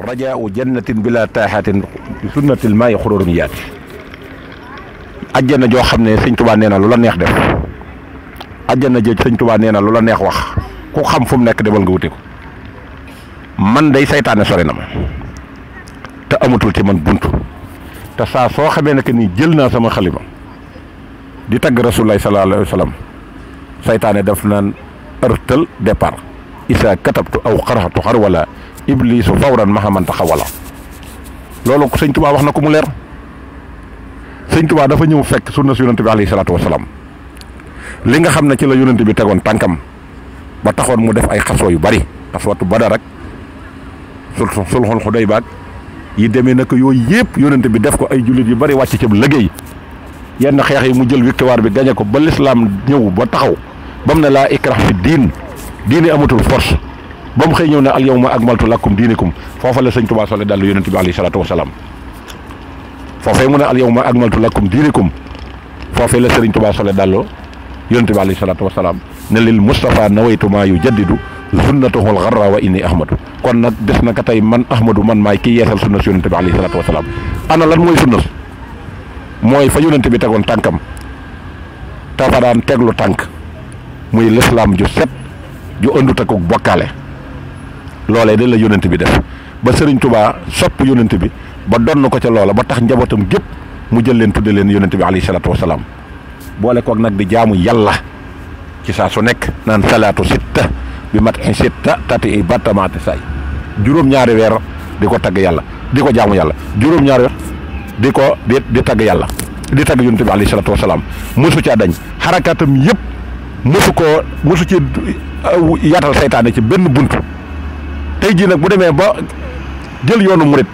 رجاء جنة بلا taaxaatin tin sunnatil maa yi xuróorum yaati ajjana joo xam ne sëñ tubaa nee na lu la neex def ajjana joo sëñ tubaa nee na lu la neex wax ku xam fu mu nekk demal nga wute ko man day saytaane sori na ma te amatul ci man bunt te saa soo xamee ne que ni jël naa sama xalima di tagg rasulullahi sallallahu alayhi wa sallam saytaane daf naan ërtal départ isaa katabtu aw xaraxatu xar wala Iblis, fawran mahaman taxawala lolu seigne touba wax na ko mu leer seigne touba dafa ñew fekk sunna su bi alayhi salatu wasalaam li nga xamne ci la bi tegon tankam ba taxone mu def ay xasso yu bari xaswatu badar ak sul Khodai xuday baag yi demé nak yoy yëpp yonente bi def ko ay julit yu bari wacc ci liggey yenn xex yi mu jël victoire bi ko ba l'islam ñew ba taxaw bam na la ikrah fi din dini amutul force bam xëy ñëw na al yawma akmaltu lakum dinakum fofu la sëñ Tuubaa sole dal yonent bi alayhi salaatu wasalaam fofu mu na al yawma akmaltu lakum dinakum fofu la sëriñ Tuubaa sole dal yonent bi alayhi salaatu wasalaam ne lil Mustafa nawaitu ma yujaddidu sunnatuhu al gharra wa inni ahmadu kon nak def na ka tey man ahmadu man may ki yeesal sunna si bi alayhi salaatu wasalaam ana lan moy sunna moy fa yonent bi tegoon tànkam tafa teglu tànk muy l'islam ju set ju andut ak bokale loolee de la yonent bi def ba sëriñ tubaa sopp yonent bi ba donn ko ca loola ba tax njabootam gépp mu jël leen tudde leen yonent bi alayhi salaatu wasalaam boole koog nag di jaamu yàlla ci saa su nekk naan salaatu sitta bi mat in sitta tati i battamaati say juróom-ñaari weer di ko tagg yàlla di ko jaamu yàlla juróom-ñaari weer di ko di di tagg yàlla di tagg yonent bi alayhi salaatu wasalaam mosu caa dañ xarakaatam yëpp mosu ko mosu ci uh, yaatal seytaane ci benn bunt tey jii nag bu demee ba jël yoonu murit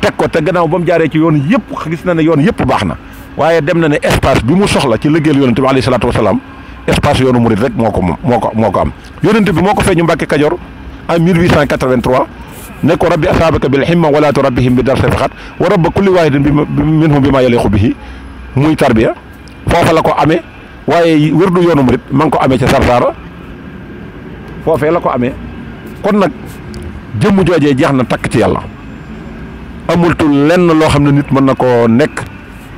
teg ko te gannaaw ba mu jaaree ci yoon yëpp gis na ne yoon yëpp baax na waaye dem na ne espace bi mu soxla ci liggéeyal yonente bi alayhi salaatu wasalaam espace yoonu murit rek moo ko moom moo ko moo ko am yonente bi moo ko feeñu Mbàkke Kajoor en 1883 ne ko rabbi asaabaka bil himma wala turabbihim bi dar a wa rabba kulli waahidin bi minhum bi ma yaliqu bihi muy tarbiya foofa la ko amee waaye wërdu yoonu murit ma ngi ko amee ca Sarsara foofee la ko amee kon nak jëm jojé jaxna na takk ci yàlla tu lenn lo xam nit mën nako nek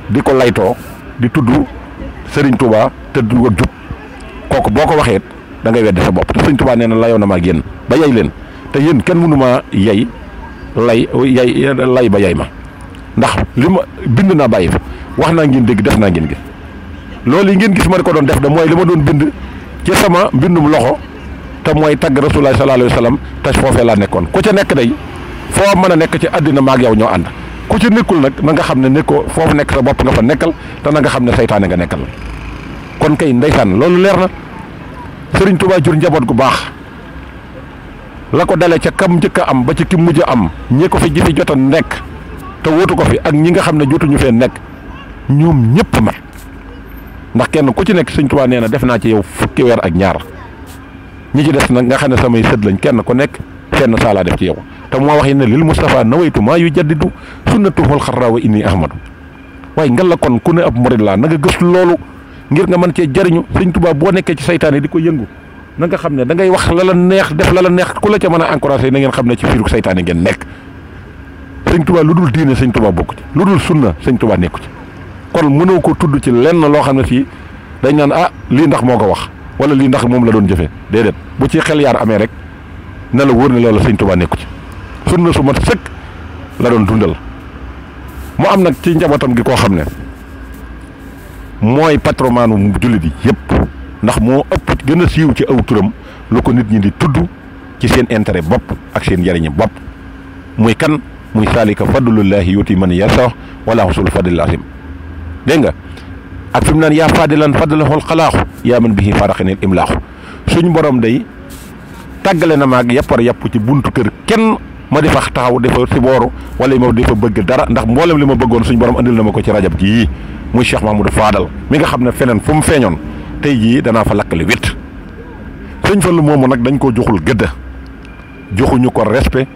diko di ko di tuddu Serigne Touba te du ko djub koku boko waxé da ngay wedde sa bop Serigne Touba néna na na ba yay len te yeen kenn munuma yay lay yay lay ba yay ma ndax lima bind na bàyyi wax na ngeen deg def na ngeen gi loolu ngeen gis ma ko don def da moy lima don bind ci sama bindum loxo te moy tag rasulullah sallallahu alaihi wasallam te fofé la nekkon ku ci nek day fo meuna nek ci aduna mak yow ñoo and ku ci nekkul nak na nga xamne ne fofu nek sa bop nga fa nekkal te na nga xamne shaytan nga nekkal kon kay ndeysan loolu leer na serigne touba jur njabot gu bax la ko dalé ci kam am ba ci ki mujj am ñi ko fi ji jotta nek a te ko fi ak ñi nga xamne jotu ñu fe nek ñoom ñepp ma ndax kenn ku ci nek serigne touba neena na def ci yow fukki weer ak ñaar ñi ci dess nak nga xamne samay seud lañ kenn ku nek fenn sala def ci yow ta mo waxe ne lil mustafa nawaytu ma yujaddidu sunnatu al kharra wa inni ahmad way ngal la kon ku ne ab murid la nga gëss lolu ngir nga man ci jariñu seigne touba bo nekk ci shaytané diko yëngu na nga xamne da ngay wax la la neex def la la neex ku la ci mëna encourager na ngeen xamne ci firu shaytané ngeen nek seigne touba ludul diine seigne touba bokku ci ludul sunna seigne touba nekku ci kon mëno ko tuddu ci lenn lo xamne fi dañ nan ah li ndax moko wax wala li ndax mom la doon jëfé déedéet bu ci xel yar amé rek na la wóor ne loolu sëñ Tuubaa nekku ci sunna su mat sekk la doon dundal mu am nak ci njabootam gi ko xamné moy mooy patromanu jullit yi yépp ndax mo ëpp gëna siiw ci aw turam lu ko nit ñi di tuddu ci seen intérêt bop ak seen njariñu bop muy kan muy salika fadlullahi yuti man yasha wala husul fadlil azim nga ak fi mu naan yaa fadilan fadlahul Ya man bihi faraxinil imlaaxu suñ borom day tagale na maag buntukir yap ci buntu keur ken ma di taxaw di ci si wala ma di bëgg dara ndax mbolam lima bëggoon suñ borom andil na mako ko ci rajab gi muy cheikh mahmoud fadal mi nga xamne fenen fum feñon mu feeñoon dana fa lakali wit fa lu momu nak dañ ko joxul joxu ñu ko respect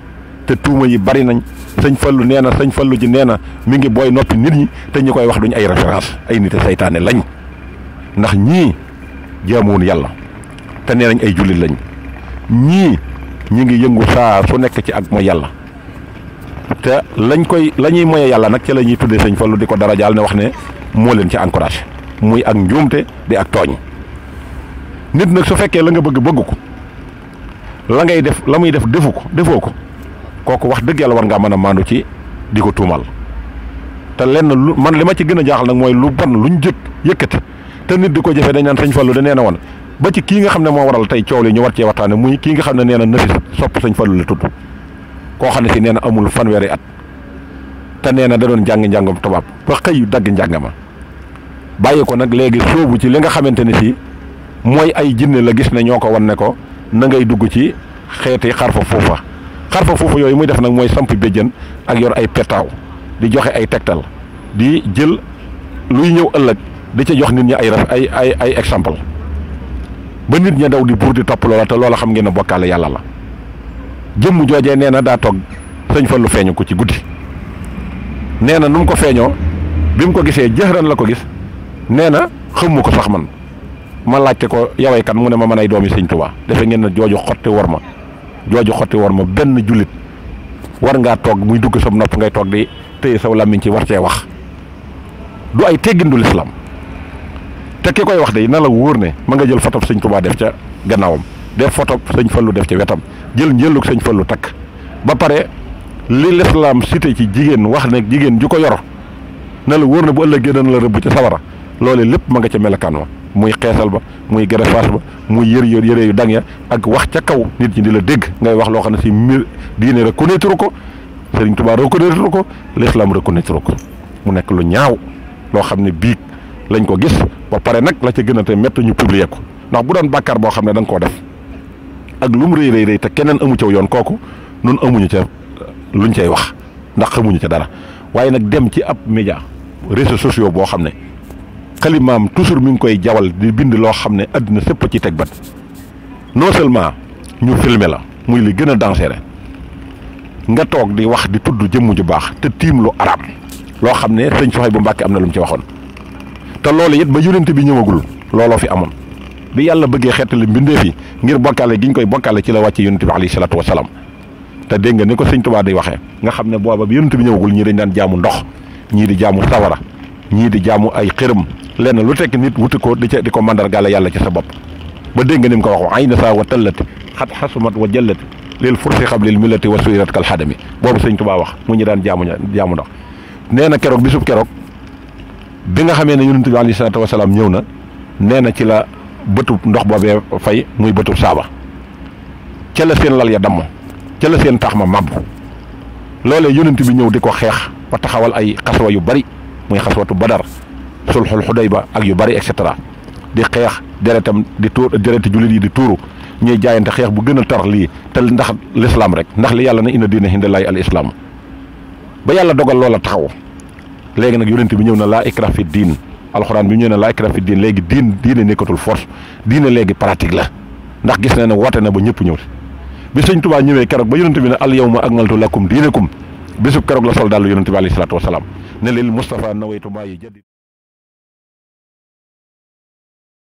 te tuuma yi bari nañ señ fallu neena señ fallu ji neena mi ngi boy nopi nit ñi te ñi koy wax duñ ay référence ay nité saytane lañ ndax ñi Jamun yalla te nee ay julit lañ ñi ñi ngi yëngu sa su nekk ci ak mo yalla te lañ koy lañuy moye yalla nak ci lañuy tuddé señ Fallu diko dara jaal ne wax ne mo leen ci encouragé muy ak njuumte di ak togn nit nak su fekkee la nga bëgg bëgg ko la ngay def la muy def defuko defoko koku wax deug yalla war nga mëna mandu ci di tumal tuumal te lenn man lima ci gëna mui jaaxal nag lu ban luñu jëk yëkëti te nit di ko jëfee dañ naan sëñ Fallou da nee na woon ba ci kii nga xam ne moo waral tey coow li ñu war cee waxtaane muy kii nga xam ne nee na nafis sopp sëñ Fallou la tudd koo xam ne si nee na amul fanweeri at te nee na da doon jàng njàngam tubaab ba xëy dagg ma bàyyi ko nag léegi soobu ci li nga xamante ne si mooy ay jinne la gis ne ñoo ko wan ne ko na ngay dugg ci xeeti xarfa foofa xarfa foofa yooyu muy def nag mooy samp béjjën ak yor ay petaaw di joxe ay tegtal di jël luy ñëw ëllëg di ca jox nit ñi ay raf ay ay ay exemple ba nit ñi daw di buur di top loola te loola xam ngeen ne bokkaale yàlla la jëmm joojee nee na daa toog sëñ lu feeñu ko ci guddi nee na nu mu ko feeñoo bi mu ko gisee jëhran la ko gis nee na xëmmu ko sax man ma laajte ko yaway kan mu ne ma mën ay doomi sëñ tuba defe ngeen ne jooju xotti war ma jooju xotti war ma benn julit war ngaa toog muy dugg sa nopp ngay toog di téye saw làmmiñ ci war cee wax du ay teggin du te ki koy wax day na la ne ma nga jël photo sëñ Touba def ca gannaawam def photo sëñ Fallou def ci wetam jël njëllug sëñ Fallou tak ba paré li l'islam cité ci jigen wax ne jigen juko yor na la wóor ne bu ëllëgé dana la rebb ci sawara lolé lepp ma nga ci melakan wa muy xéssal ba muy gerefaas ba muy yër yër yëre yu dang ya ak wax ca kaw nit ñi di la dégg ngay wax loo xam ne diiné rek diine reconnaître ko sëriñ Touba reconnaître ko l'islam reconnaître ko mu nekk lu ñaaw lo xamné ne lañ ko gis ba pare nag la ca gën a te métti ñu publier ko ndax bu doon bàkkaar boo xam ne da nga koo def ak lu mu rëy rëy te keneen amu caw yoon kooku nun amuñu ca luñ cay wax ndax xamuñu ca dara waaye nag dem ci ab média réseaux sociaux boo xam ne xalimaam toujours mi ngi koy jawal di bind loo xam ne àddina sépp ci teg bat non seulement ñu filmer la muy li gën a dangereux nga toog di wax di tudd jëmm ju baax te tiim lu araam loo xam ne sëñ Soxay bu Mbàkke am na lu mu ci waxoon te loolu it ba yonent bi ñëwagul looloo fi amoon bi yàlla bëggee xeetali mbindeef yi ngir bokkaale gi ñu koy bokkaale ci la wàcce yonent bi alayhi salaatu wa salaam te dégg nga ni ko sëñ Tuubaa day waxee nga xam ne booba bi yonent bi ñëwagul ñii dañ daan jaamu ndox ñii di jaamu sawara ñii di jaamu ay xërëm lenn lu tekk nit wuti ko di ca di ko mandargaale yàlla ci sa bopp ba dégg nga ni mu ko wax ay na saa wa tallati xat xasumat wa jëllati lil fursi xab lil millati wa suirat kal xadami boobu sëñ Tuubaa wax mu ñu daan jaamu jaamu ndox nee na keroog bisub keroog bi nga xamee ne yonent bi alayhi salaatu wasalaam ñëw na nee na ci la bëtub ndox boobee fay muy bëtub saaba ca la seen lal ya damm ca seen tax ma màbb loolee yonent bi ñëw di ko xeex ba taxawal ay xaswa yu bari muy xaswatu badar sulxul xudayba ak yu bari et cetera di xeex deretam di tuur dereti jullit yi di tuuru ñuy jaayante xeex bu gën a tar lii te ndax lislaam rek ndax li yàlla na inna diina hindalaay al islaam ba yàlla dogal loola taxaw léegi nag yonent bi ñëw na laa ikra fi diin alxuraan bi ñëw na laa ikra fi diin léegi diin diine nekkatul force diine léegi pratique la ndax gis na ne wate na ba ñëpp ñëw bi sëñ tubaa ñëwee keroog ba yonent bi ne al yawma akmaltu lakum diinakum bisu keroog la sol daal yonent bi alayhi salaatu wasalaam ne lil Mustafa nawaytu maa yi jadi